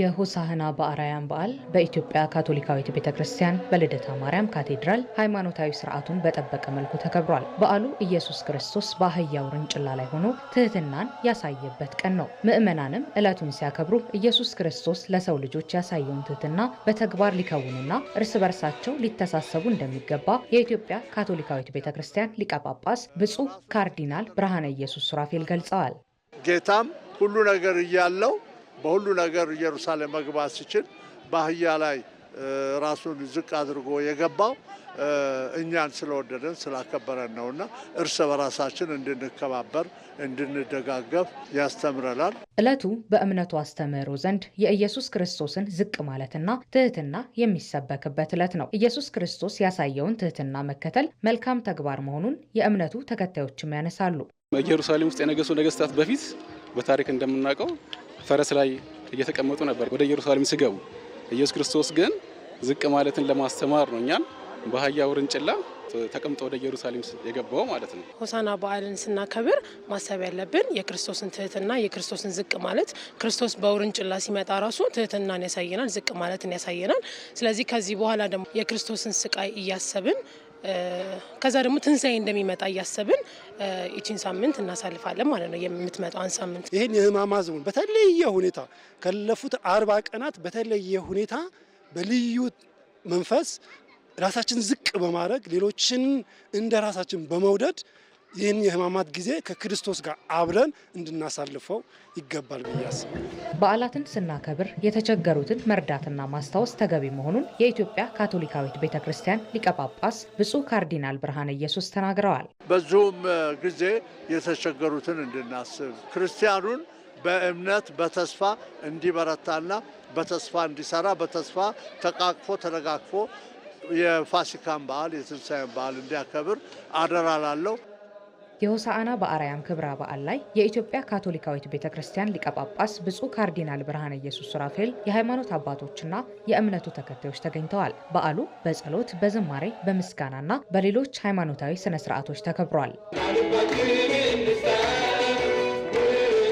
የሆሳህና በአርያም በዓል በኢትዮጵያ ካቶሊካዊት ቤተ ክርስቲያን በልደታ ማርያም ካቴድራል ሃይማኖታዊ ስርዓቱን በጠበቀ መልኩ ተከብሯል። በዓሉ ኢየሱስ ክርስቶስ በአህያው ርንጭላ ላይ ሆኖ ትህትናን ያሳየበት ቀን ነው። ምዕመናንም ዕለቱን ሲያከብሩ ኢየሱስ ክርስቶስ ለሰው ልጆች ያሳየውን ትህትና በተግባር ሊከውኑና እርስ በርሳቸው ሊተሳሰቡ እንደሚገባ የኢትዮጵያ ካቶሊካዊት ቤተ ክርስቲያን ሊቀ ጳጳስ ብፁዕ ካርዲናል ብርሃነ ኢየሱስ ሱራፌል ገልጸዋል። ጌታም ሁሉ ነገር እያለው በሁሉ ነገር ኢየሩሳሌም መግባት ሲችል በአህያ ላይ ራሱን ዝቅ አድርጎ የገባው እኛን ስለወደደን ስላከበረን ነውና እርስ በራሳችን እንድንከባበር እንድንደጋገፍ ያስተምረናል። ዕለቱ በእምነቱ አስተምህሮ ዘንድ የኢየሱስ ክርስቶስን ዝቅ ማለትና ትህትና የሚሰበክበት ዕለት ነው። ኢየሱስ ክርስቶስ ያሳየውን ትህትና መከተል መልካም ተግባር መሆኑን የእምነቱ ተከታዮችም ያነሳሉ። ኢየሩሳሌም ውስጥ የነገሱ ነገስታት በፊት በታሪክ እንደምናውቀው ፈረስ ላይ እየተቀመጡ ነበር ወደ ኢየሩሳሌም ሲገቡ። ኢየሱስ ክርስቶስ ግን ዝቅ ማለትን ለማስተማር ነው እኛን በአህያ ውርንጭላ ተቀምጦ ወደ ኢየሩሳሌም የገባው ማለት ነው። ሆሳና በዓልን ስናከብር ማሰብ ያለብን የክርስቶስን ትህትና፣ የክርስቶስን ዝቅ ማለት። ክርስቶስ በውርንጭላ ሲመጣ ራሱ ትህትናን ያሳየናል፣ ዝቅ ማለትን ያሳየናል። ስለዚህ ከዚህ በኋላ ደግሞ የክርስቶስን ስቃይ እያሰብን ከዛ ደግሞ ትንሳኤ እንደሚመጣ እያሰብን ይችን ሳምንት እናሳልፋለን ማለት ነው። የምትመጣውን ሳምንት ይህን የህማማ ዘሙን በተለየ ሁኔታ ካለፉት አርባ ቀናት በተለየ ሁኔታ በልዩ መንፈስ ራሳችን ዝቅ በማድረግ ሌሎችን እንደ ራሳችን በመውደድ ይህን የህማማት ጊዜ ከክርስቶስ ጋር አብረን እንድናሳልፈው ይገባል ብዬ አስባለሁ። በዓላትን ስናከብር የተቸገሩትን መርዳትና ማስታወስ ተገቢ መሆኑን የኢትዮጵያ ካቶሊካዊት ቤተ ክርስቲያን ሊቀ ጳጳስ ብፁዕ ካርዲናል ብርሃነ ኢየሱስ ተናግረዋል። በዚሁም ጊዜ የተቸገሩትን እንድናስብ ክርስቲያኑን በእምነት በተስፋ እንዲበረታና በተስፋ እንዲሰራ በተስፋ ተቃቅፎ ተደጋግፎ የፋሲካን በዓል የትንሣኤን በዓል እንዲያከብር አደራ የሆሳዓና በአርያም ክብረ በዓል ላይ የኢትዮጵያ ካቶሊካዊት ቤተ ክርስቲያን ሊቀ ጳጳስ ብፁዕ ካርዲናል ብርሃነ ኢየሱስ ሱራፌል፣ የሃይማኖት አባቶችና የእምነቱ ተከታዮች ተገኝተዋል። በዓሉ በጸሎት በዝማሬ በምስጋናና በሌሎች ሃይማኖታዊ ስነ ስርዓቶች ተከብሯል።